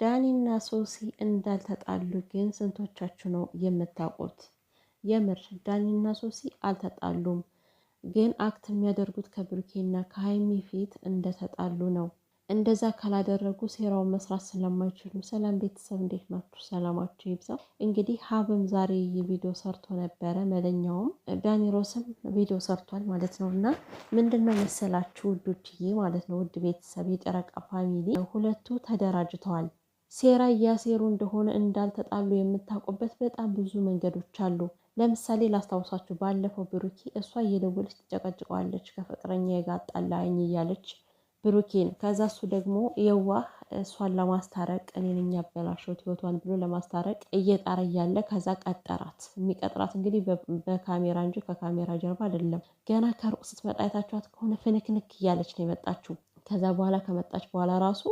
ዳኒና ሶሲ እንዳልተጣሉ ግን ስንቶቻችሁ ነው የምታውቁት? የምር ዳኒና ሶሲ አልተጣሉም፣ ግን አክት የሚያደርጉት ከብሩኬና ከሀይሚ ፊት እንደተጣሉ ነው። እንደዛ ካላደረጉ ሴራውን መስራት ስለማይችሉ። ሰላም ቤተሰብ እንዴት ናችሁ? ሰላማችሁ ይብዛ። እንግዲህ ሀብም ዛሬ ቪዲዮ ሰርቶ ነበረ፣ መለኛውም ዳኒሮስም ቪዲዮ ሰርቷል ማለት ነው። እና ምንድን ነው መሰላችሁ ውዶችዬ ማለት ነው፣ ውድ ቤተሰብ የጨረቃ ፋሚሊ ሁለቱ ተደራጅተዋል። ሴራ እያሴሩ እንደሆነ እንዳልተጣሉ የምታውቁበት በጣም ብዙ መንገዶች አሉ። ለምሳሌ ላስታውሳችሁ፣ ባለፈው ብሩኪ እሷ እየደወለች ትጨቀጭቀዋለች፣ ከፍቅረኛ የጋጣላኝ እያለች ብሩኬን ከዛ እሱ ደግሞ የዋህ እሷን ለማስታረቅ እኔን እኛ ያበላሸሁት ህይወቷን ብሎ ለማስታረቅ እየጣረ እያለ ከዛ ቀጠራት። የሚቀጥራት እንግዲህ በካሜራ እንጂ ከካሜራ ጀርባ አይደለም። ገና ከሩቅ ስትመጣ የታችኋት ከሆነ ፍንክንክ እያለች ነው የመጣችው። ከዛ በኋላ ከመጣች በኋላ ራሱ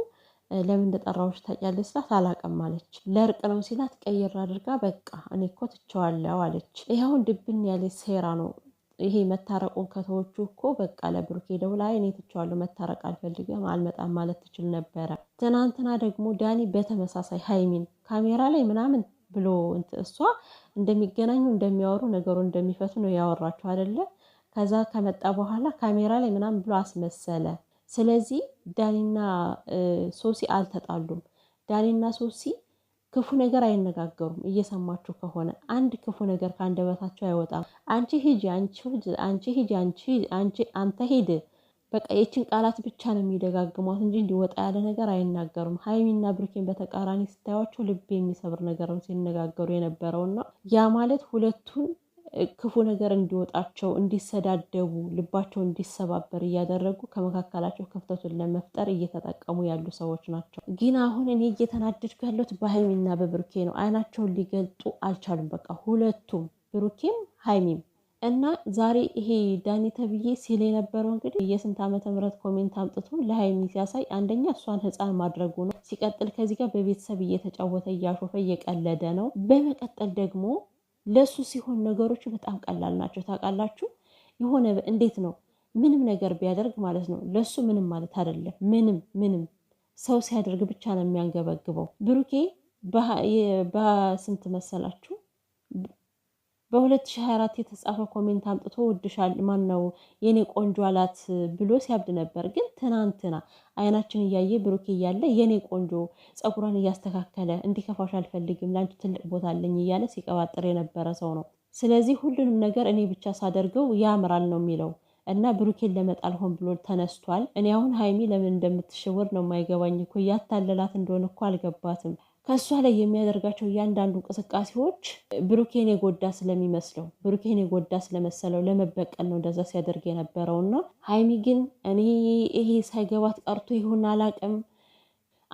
ለምን እንደጠራዎች ታውቂያለሽ ስላት አላውቅም አለች። ለእርቅ ነው ሲላት ቀይር አድርጋ በቃ እኔ እኮ ትቼዋለሁ አለች። ይኸውን ድብን ያለ ሴራ ነው ይሄ መታረቁን ከተዎቹ እኮ በቃ ለብሩኬ ደውላ እኔ ትቼዋለሁ፣ መታረቅ አልፈልግም፣ አልመጣም ማለት ትችል ነበረ። ትናንትና ደግሞ ዳኒ በተመሳሳይ ሀይሚን ካሜራ ላይ ምናምን ብሎ እሷ እንደሚገናኙ እንደሚያወሩ ነገሩ እንደሚፈቱ ነው ያወራቸው አይደለ? ከዛ ከመጣ በኋላ ካሜራ ላይ ምናምን ብሎ አስመሰለ። ስለዚህ ዳኒና ሶሲ አልተጣሉም። ዳኒና ሶሲ ክፉ ነገር አይነጋገሩም። እየሰማችሁ ከሆነ አንድ ክፉ ነገር ከአንደበታቸው አይወጣም። አንቺ ሂጂ፣ አንቺ ሂጂ፣ አንቺ አንተ ሂድ፣ በቃ የችን ቃላት ብቻ ነው የሚደጋግሟት እንጂ እንዲወጣ ያለ ነገር አይናገሩም። ሀይሚና ብሩኬን በተቃራኒ ስታያቸው ልብ የሚሰብር ነገር ነው ሲነጋገሩ የነበረውና ያ ማለት ሁለቱን ክፉ ነገር እንዲወጣቸው፣ እንዲሰዳደቡ፣ ልባቸው እንዲሰባበር እያደረጉ ከመካከላቸው ክፍተቱን ለመፍጠር እየተጠቀሙ ያሉ ሰዎች ናቸው። ግን አሁን እኔ እየተናደድኩ ያለሁት በሀይሚና በብሩኬ ነው። አይናቸውን ሊገልጡ አልቻሉም። በቃ ሁለቱም ብሩኬም ሀይሚም እና ዛሬ ይሄ ዳኒ ተብዬ ሲል የነበረው እንግዲህ የስንት ዓመተ ምህረት ኮሜንት አምጥቶ ለሀይሚ ሲያሳይ አንደኛ እሷን ህፃን ማድረጉ ነው። ሲቀጥል ከዚህ ጋር በቤተሰብ እየተጫወተ እያሾፈ እየቀለደ ነው። በመቀጠል ደግሞ ለሱ ሲሆን ነገሮቹ በጣም ቀላል ናቸው። ታውቃላችሁ የሆነ እንዴት ነው ምንም ነገር ቢያደርግ ማለት ነው ለሱ ምንም ማለት አይደለም። ምንም ምንም ሰው ሲያደርግ ብቻ ነው የሚያንገበግበው። ብሩኬ በስንት መሰላችሁ በ2024 የተጻፈ ኮሜንት አምጥቶ ወድሻል ማን ነው የኔ ቆንጆ አላት ብሎ ሲያብድ ነበር። ግን ትናንትና አይናችን እያየ ብሩኬ እያለ የኔ ቆንጆ ጸጉሯን እያስተካከለ እንዲከፋሽ አልፈልግም ለአንቺ ትልቅ ቦታ አለኝ እያለ ሲቀባጥር የነበረ ሰው ነው። ስለዚህ ሁሉንም ነገር እኔ ብቻ ሳደርገው ያምራል ነው የሚለው እና ብሩኬን ለመጣል ሆን ብሎ ተነስቷል። እኔ አሁን ሀይሚ ለምን እንደምትሸወር ነው የማይገባኝ እኮ እያታለላት እንደሆነ እኮ አልገባትም። ከእሷ ላይ የሚያደርጋቸው እያንዳንዱ እንቅስቃሴዎች ብሩኬን የጎዳ ስለሚመስለው ብሩኬን የጎዳ ስለመሰለው ለመበቀል ነው እንደዛ ሲያደርግ የነበረውና ሀይሚ ግን እኔ ይሄ ሳይገባት ቀርቶ ይሁን አላቅም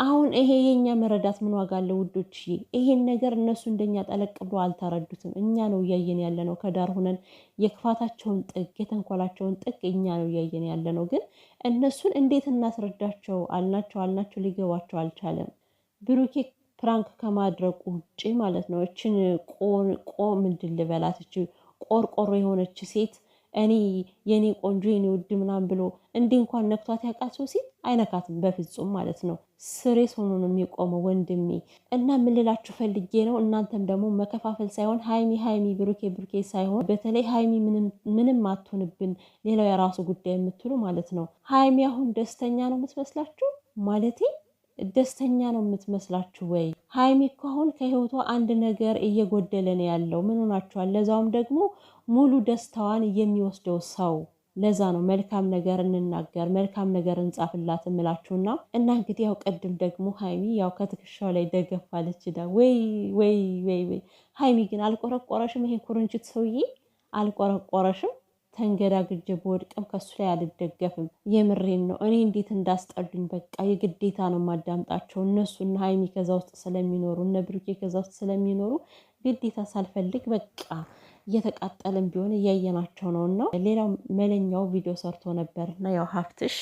አሁን ይሄ የኛ መረዳት ምን ዋጋ አለ ውዶችዬ? ይሄን ነገር እነሱ እንደኛ ጠለቅ ብሎ አልተረዱትም። እኛ ነው እያየን ያለ ነው ከዳር ሁነን የክፋታቸውን ጥግ የተንኮላቸውን ጥግ እኛ ነው እያየን ያለ ነው። ግን እነሱን እንዴት እናስረዳቸው አልናቸው አልናቸው ሊገባቸው አልቻለም። ብሩኬ ፕራንክ ከማድረግ ውጭ ማለት ነው። እችን ቆ ምንድን ልበላት፣ እች ቆርቆሮ የሆነች ሴት እኔ የኔ ቆንጆ የኔ ውድ ምናምን ብሎ እንዲህ እንኳን ነክቷት ያውቃል ሶሲ? አይነካትም በፍጹም ማለት ነው። ስሬስ ሆኖ ነው የሚቆመው ወንድሜ። እና የምልላችሁ ፈልጌ ነው እናንተም ደግሞ መከፋፈል ሳይሆን ሀይሚ ሀይሚ ብሩኬ ብሩኬ ሳይሆን በተለይ ሀይሚ ምንም አትሆንብን ሌላው የራሱ ጉዳይ የምትሉ ማለት ነው። ሀይሚ አሁን ደስተኛ ነው የምትመስላችሁ ማለቴ ደስተኛ ነው የምትመስላችሁ ወይ? ሀይሚ እኮ አሁን ከህይወቷ አንድ ነገር እየጎደለ ነው ያለው። ምን ሆናችኋል? ለዛውም ደግሞ ሙሉ ደስታዋን የሚወስደው ሰው ለዛ ነው መልካም ነገር እንናገር፣ መልካም ነገር እንጻፍላት እምላችሁና እና እንግዲህ ያው ቅድም ደግሞ ሀይሚ ያው ከትከሻው ላይ ደገፍ አለች። ዳ ወይ ወይ ወይ ወይ ሀይሚ ግን አልቆረቆረሽም? ይሄ ኩርንችት ሰውዬ አልቆረቆረሽም? ተንገዳግጄ በወድቅም ከሱ ላይ አልደገፍም። የምሬን ነው። እኔ እንዴት እንዳስጠሉኝ በቃ የግዴታ ነው ማዳምጣቸው። እነሱ እነ ሀይሚ ከዛ ውስጥ ስለሚኖሩ እነ ብሩኬ ከዛ ውስጥ ስለሚኖሩ ግዴታ ሳልፈልግ በቃ እየተቃጠልን ቢሆን እያየናቸው ነው። እና ሌላው መለኛው ቪዲዮ ሰርቶ ነበር እና ያው ሀብትሽ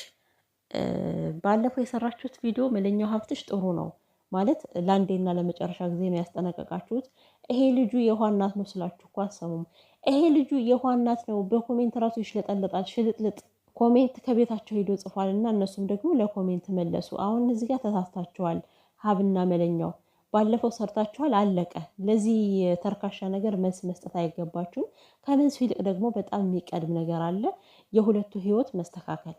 ባለፈው የሰራችሁት ቪዲዮ መለኛው ሀብትሽ ጥሩ ነው ማለት ለአንዴና ለመጨረሻ ጊዜ ነው ያስጠነቀቃችሁት። ይሄ ልጁ የኋናት ነው ስላችሁ እኮ አሰሙም። ይሄ ልጁ የኋናት ነው በኮሜንት ራሱ ይሽለጠለጣል። ሽልጥልጥ ኮሜንት ከቤታቸው ሄዶ ጽፏል እና እነሱም ደግሞ ለኮሜንት መለሱ። አሁን እዚህ ጋር ተሳስታችኋል። ሀብና መለኛው ባለፈው ሰርታችኋል፣ አለቀ። ለዚህ ተርካሻ ነገር መልስ መስጠት አይገባችሁም። ከመልሱ ይልቅ ደግሞ በጣም የሚቀድም ነገር አለ፣ የሁለቱ ህይወት መስተካከል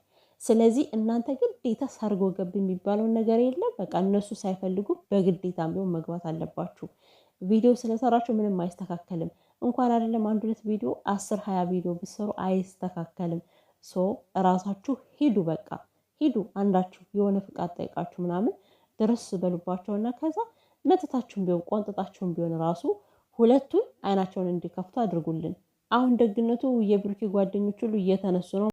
ስለዚህ እናንተ ግዴታ ሰርጎ ገብ የሚባለውን ነገር የለም። በቃ እነሱ ሳይፈልጉ በግዴታ ቢሆን መግባት አለባችሁ። ቪዲዮ ስለሰራችሁ ምንም አይስተካከልም። እንኳን አይደለም አንድ ሁለት ቪዲዮ አስር ሀያ ቪዲዮ ብትሰሩ አይስተካከልም። ሶ እራሳችሁ ሂዱ፣ በቃ ሂዱ። አንዳችሁ የሆነ ፍቃድ ጠይቃችሁ ምናምን ድረስ በሉባቸውና ከዛ መተታችሁን ቢሆን ቆንጥጣችሁን ቢሆን ራሱ ሁለቱን አይናቸውን እንዲከፍቱ አድርጉልን። አሁን ደግነቱ የብሩኬ ጓደኞች ሁሉ እየተነሱ ነው።